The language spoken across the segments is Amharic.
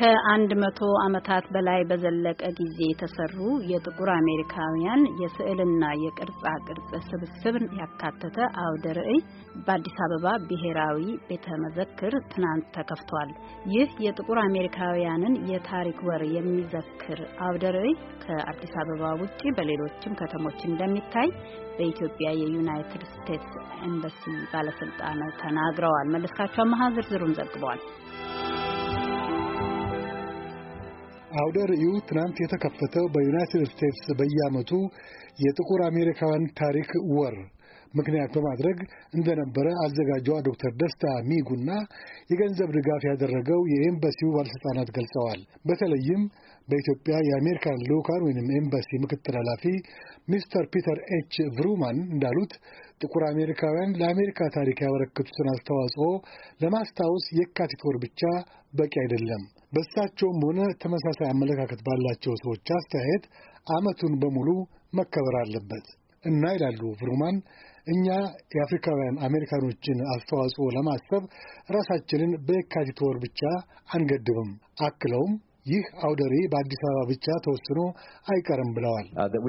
ከአንድ መቶ ዓመታት በላይ በዘለቀ ጊዜ የተሰሩ የጥቁር አሜሪካውያን የስዕልና የቅርጻ ቅርጽ ስብስብን ያካተተ አውደ ርዕይ በአዲስ አበባ ብሔራዊ ቤተ መዘክር ትናንት ተከፍቷል። ይህ የጥቁር አሜሪካውያንን የታሪክ ወር የሚዘክር አውደ ርዕይ ከአዲስ አበባ ውጪ በሌሎችም ከተሞች እንደሚታይ በኢትዮጵያ የዩናይትድ ስቴትስ ኤምባሲ ባለስልጣን ተናግረዋል። መለስካቸው አመሀ ዝርዝሩን ዘግቧል። አውደ ርዕዩ ትናንት የተከፈተው በዩናይትድ ስቴትስ በየዓመቱ የጥቁር አሜሪካውያን ታሪክ ወር ምክንያት በማድረግ እንደነበረ አዘጋጇ ዶክተር ደስታ ሚጉና የገንዘብ ድጋፍ ያደረገው የኤምባሲው ባለሥልጣናት ገልጸዋል። በተለይም በኢትዮጵያ የአሜሪካን ልዑካን ወይም ኤምባሲ ምክትል ኃላፊ ሚስተር ፒተር ኤች ቭሩማን እንዳሉት ጥቁር አሜሪካውያን ለአሜሪካ ታሪክ ያበረከቱትን አስተዋጽኦ ለማስታወስ የካቲት ወር ብቻ በቂ አይደለም። በእሳቸውም ሆነ ተመሳሳይ አመለካከት ባላቸው ሰዎች አስተያየት ዓመቱን በሙሉ መከበር አለበት እና ይላሉ ፍሩማን እኛ የአፍሪካውያን አሜሪካኖችን አስተዋጽኦ ለማሰብ ራሳችንን በየካቲት ወር ብቻ አንገድብም። አክለውም ይህ አውደ ርዕይ በአዲስ አበባ ብቻ ተወስኖ አይቀርም ብለዋል። uh,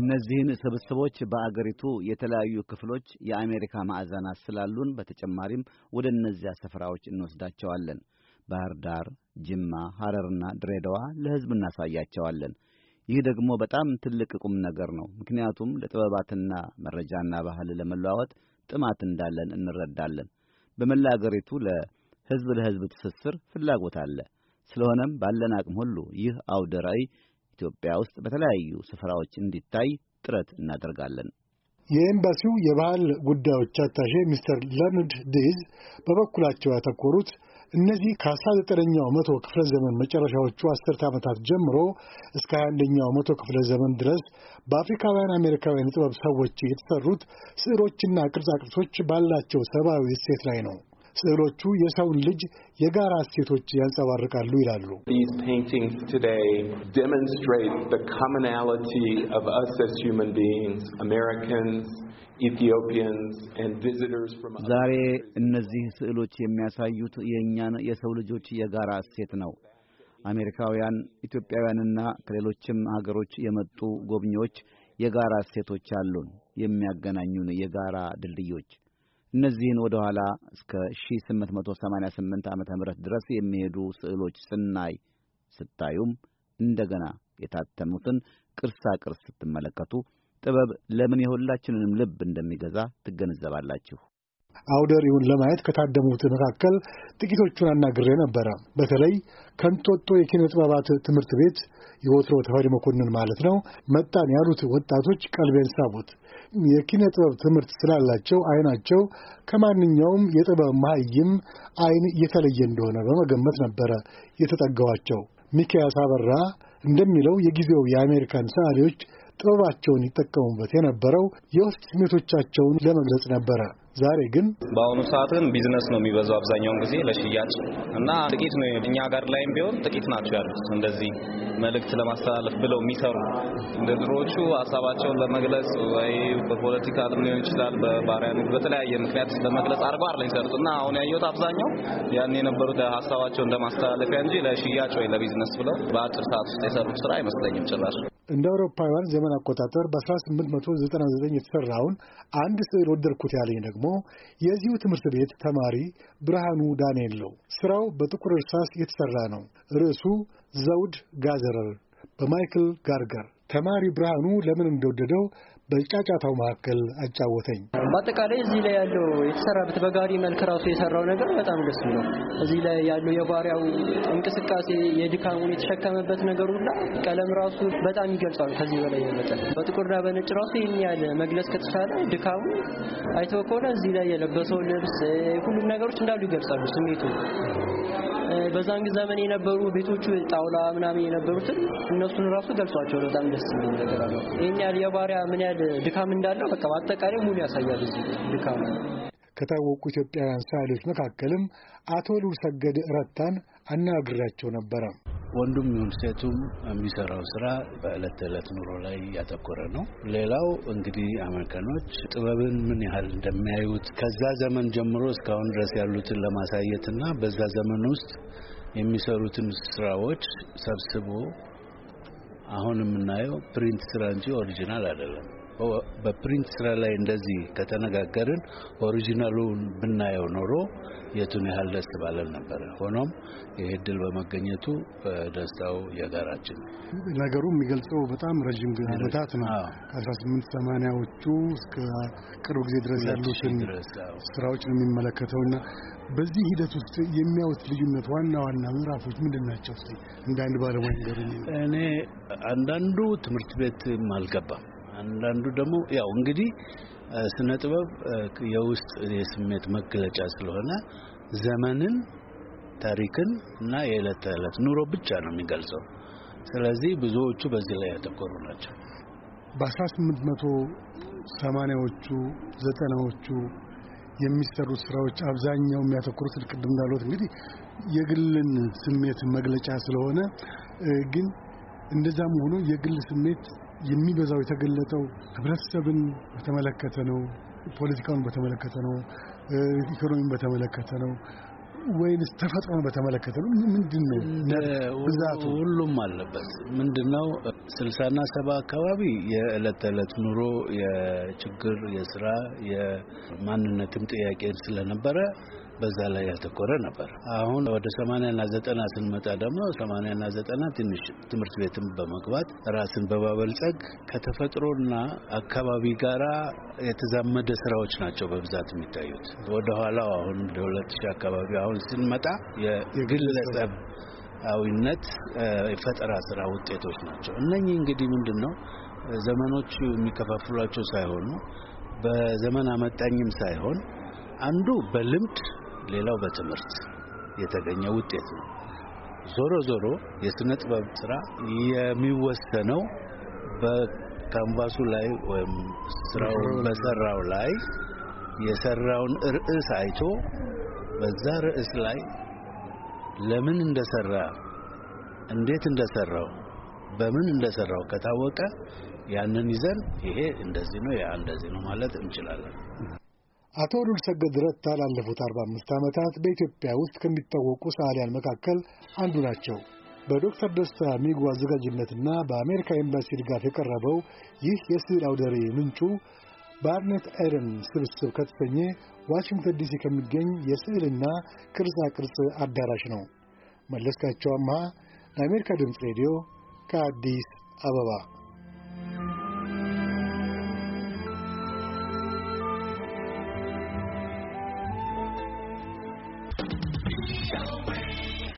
እነዚህን ስብስቦች በአገሪቱ የተለያዩ ክፍሎች የአሜሪካ ማዕዘናት ስላሉን በተጨማሪም ወደ እነዚያ ስፍራዎች እንወስዳቸዋለን። ባህር ዳር፣ ጅማ፣ ሐረርና ድሬዳዋ ለሕዝብ እናሳያቸዋለን። ይህ ደግሞ በጣም ትልቅ ቁም ነገር ነው። ምክንያቱም ለጥበባትና መረጃና ባህል ለመለዋወጥ ጥማት እንዳለን እንረዳለን። በመላ አገሪቱ ለህዝብ ለሕዝብ ትስስር ፍላጎት አለ። ስለሆነም ባለን አቅም ሁሉ ይህ አውደ ኢትዮጵያ ውስጥ በተለያዩ ስፍራዎች እንዲታይ ጥረት እናደርጋለን። የኤምባሲው የባህል ጉዳዮች አታሼ ሚስተር ለርንድ ዴዝ በበኩላቸው ያተኮሩት እነዚህ ከ19ኛው መቶ ክፍለ ዘመን መጨረሻዎቹ አስርተ ዓመታት ጀምሮ እስከ 21ኛው መቶ ክፍለ ዘመን ድረስ በአፍሪካውያን አሜሪካውያን ጥበብ ሰዎች የተሰሩት ስዕሎችና ቅርጻቅርጾች ባላቸው ሰብአዊ እሴት ላይ ነው ስዕሎቹ የሰውን ልጅ የጋራ እሴቶች ያንጸባርቃሉ ይላሉ። ዛሬ እነዚህ ስዕሎች የሚያሳዩት የእኛን የሰው ልጆች የጋራ እሴት ነው። አሜሪካውያን፣ ኢትዮጵያውያንና ከሌሎችም ሀገሮች የመጡ ጎብኚዎች የጋራ እሴቶች አሉን፣ የሚያገናኙን የጋራ ድልድዮች እነዚህን ወደ ኋላ እስከ 1888 ዓ ም ድረስ የሚሄዱ ስዕሎች ስናይ ስታዩም እንደገና የታተሙትን ቅርሳ ቅርስ ስትመለከቱ ጥበብ ለምን የሁላችንንም ልብ እንደሚገዛ ትገነዘባላችሁ። አውደ ርዕዩን ለማየት ከታደሙት መካከል ጥቂቶቹን አናግሬ ነበረ። በተለይ ከንጦጦ የኪነ ጥበባት ትምህርት ቤት የወትሮ ተፈሪ መኮንን ማለት ነው መጣን ያሉት ወጣቶች ቀልቤን ሳቡት። የኪነ ጥበብ ትምህርት ስላላቸው አይናቸው ከማንኛውም የጥበብ መሀይም አይን የተለየ እንደሆነ በመገመት ነበረ የተጠገዋቸው። ሚኪያስ አበራ እንደሚለው የጊዜው የአሜሪካን ሰዓሊዎች ጥበባቸውን ይጠቀሙበት የነበረው የውስጥ ስሜቶቻቸውን ለመግለጽ ነበረ። ዛሬ ግን በአሁኑ ሰዓት ግን ቢዝነስ ነው የሚበዛው አብዛኛውን ጊዜ ለሽያጭ እና ጥቂት ነው። እኛ ጋር ላይም ቢሆን ጥቂት ናቸው ያሉት እንደዚህ መልእክት ለማስተላለፍ ብለው የሚሰሩ እንደ ድሮዎቹ ሀሳባቸውን ለመግለጽ ወይ በፖለቲካ ሊሆን ይችላል፣ በባሪያ በተለያየ ምክንያት ለመግለጽ አርባ አር ይሰሩት እና አሁን ያየሁት አብዛኛው ያን የነበሩት ሀሳባቸውን ለማስተላለፊያ እንጂ ለሽያጭ ወይ ለቢዝነስ ብለው በአጭር ሰዓት ውስጥ የሰሩት ስራ አይመስለኝም ጭራሽ። እንደ አውሮፓውያን ዘመን አቆጣጠር በ1899 የተሠራውን አንድ ስዕል ወደድኩት ያለኝ ደግሞ የዚሁ ትምህርት ቤት ተማሪ ብርሃኑ ዳንኤል ነው። ሥራው በጥቁር እርሳስ የተሠራ ነው። ርዕሱ ዘውድ ጋዘረር በማይክል ጋርገር። ተማሪ ብርሃኑ ለምን እንደወደደው በጫጫታው መካከል አጫወተኝ። በአጠቃላይ እዚህ ላይ ያለው የተሰራበት በጋሪ መልክ ራሱ የሰራው ነገር በጣም ደስ ይላል። እዚህ ላይ ያለው የባሪያው እንቅስቃሴ፣ የድካሙን የተሸከመበት ነገር ሁላ ቀለም ራሱ በጣም ይገልጿል። ከዚህ በላይ የመጠ በጥቁርና በነጭ ራሱ ይህን ያለ መግለጽ ከተቻለ ድካሙ አይተው ከሆነ እዚህ ላይ የለበሰው ልብስ ሁሉም ነገሮች እንዳሉ ይገልጻሉ ስሜቱ በዛን ዘመን የነበሩ ቤቶቹ ጣውላ ምናምን የነበሩትን እነሱን ራሱ ገልጿቸው በጣም ደስ የሚል ነገር አለው። ይህን ያህል የባሪያ ምን ያህል ድካም እንዳለው በቃ በአጠቃላይ ሙሉ ያሳያል እዚህ ድካም ከታወቁ ኢትዮጵያውያን ሰዓሊዎች መካከልም አቶ ልዑል ሰገድ ረታን አነጋግሬያቸው ነበረ። ወንዱም ይሁን ሴቱም የሚሰራው ስራ በዕለት ተዕለት ኑሮ ላይ ያተኮረ ነው። ሌላው እንግዲህ አሜሪካኖች ጥበብን ምን ያህል እንደሚያዩት ከዛ ዘመን ጀምሮ እስካሁን ድረስ ያሉትን ለማሳየት እና በዛ ዘመን ውስጥ የሚሰሩትን ስራዎች ሰብስቦ አሁን የምናየው ፕሪንት ስራ እንጂ ኦሪጂናል አይደለም። በፕሪንት ስራ ላይ እንደዚህ ከተነጋገርን ኦሪጂናሉን ብናየው ኖሮ የቱን ያህል ደስ ባለን ነበረ። ሆኖም ይህ እድል በመገኘቱ በደስታው የጋራችን ነገሩ የሚገልጸው በጣም ረዥም ዓመታት ነው። ከ18 ሰማንያዎቹ እስከ ቅርብ ጊዜ ድረስ ያሉትን ስራዎች ነው የሚመለከተውና በዚህ ሂደት ውስጥ የሚያዩት ልዩነት ዋና ዋና ምዕራፎች ምንድን ናቸው? እንደ አንድ ባለሙያ ነገሩ እኔ አንዳንዱ ትምህርት ቤት አልገባም አንዳንዱ ደግሞ ያው እንግዲህ ስነ ጥበብ የውስጥ የስሜት መግለጫ ስለሆነ ዘመንን፣ ታሪክን እና የዕለት ተዕለት ኑሮ ብቻ ነው የሚገልጸው። ስለዚህ ብዙዎቹ በዚህ ላይ ያተኮሩ ናቸው። በ1880ዎቹ ዘጠናዎቹ የሚሰሩት ስራዎች አብዛኛው የሚያተኩሩት ቅድም እንዳሉት እንግዲህ የግልን ስሜት መግለጫ ስለሆነ ግን እንደዛም ሆኖ የግል ስሜት የሚበዛው የተገለጠው ህብረተሰብን በተመለከተ ነው፣ ፖለቲካውን በተመለከተ ነው፣ ኢኮኖሚን በተመለከተ ነው ወይንስ ተፈጥሮን በተመለከተ ነው? ምንድን ነው ብዛቱ? ሁሉም አለበት። ምንድን ነው ስልሳና ሰባ አካባቢ የዕለት ተዕለት ኑሮ የችግር፣ የስራ፣ የማንነትም ጥያቄ ስለነበረ በዛ ላይ ያተኮረ ነበር። አሁን ወደ ሰማንያና ዘጠና ስንመጣ ደግሞ ሰማንያና ዘጠና ትንሽ ትምህርት ቤትም በመግባት ራስን በማበልጸግ ከተፈጥሮና አካባቢ ጋራ የተዛመደ ስራዎች ናቸው በብዛት የሚታዩት። ወደኋላው አሁን ለሁለት ሺህ አካባቢ አሁን ስንመጣ የግለሰብ አዊነት የፈጠራ ስራ ውጤቶች ናቸው። እነኚህ እንግዲህ ምንድን ነው ዘመኖች የሚከፋፍሏቸው ሳይሆኑ በዘመን አመጣኝም ሳይሆን አንዱ በልምድ ሌላው በትምህርት የተገኘ ውጤት ነው። ዞሮ ዞሮ የስነ ጥበብ ስራ የሚወሰነው በካንቫሱ ላይ ወይም ስራውን በሰራው ላይ የሰራውን ርዕስ አይቶ በዛ ርዕስ ላይ ለምን እንደሰራ እንዴት እንደሰራው በምን እንደሰራው ከታወቀ ያንን ይዘን ይሄ እንደዚህ ነው ያ እንደዚህ ነው ማለት እንችላለን። አቶ ሰገድ ረታ ላለፉት 45 ዓመታት በኢትዮጵያ ውስጥ ከሚታወቁ ሰዓሊያን መካከል አንዱ ናቸው። በዶክተር ደስታ ሚጉ አዘጋጅነትና በአሜሪካ ኤምባሲ ድጋፍ የቀረበው ይህ የስዕል አውደ ርዕይ ምንጩ ባርኔት ኤረን ስብስብ ከተሰኘ ዋሽንግተን ዲሲ ከሚገኝ የስዕልና ቅርጻ ቅርጽ አዳራሽ ነው። መለስካቸው አምሃ ለአሜሪካ ድምፅ ሬዲዮ ከአዲስ አበባ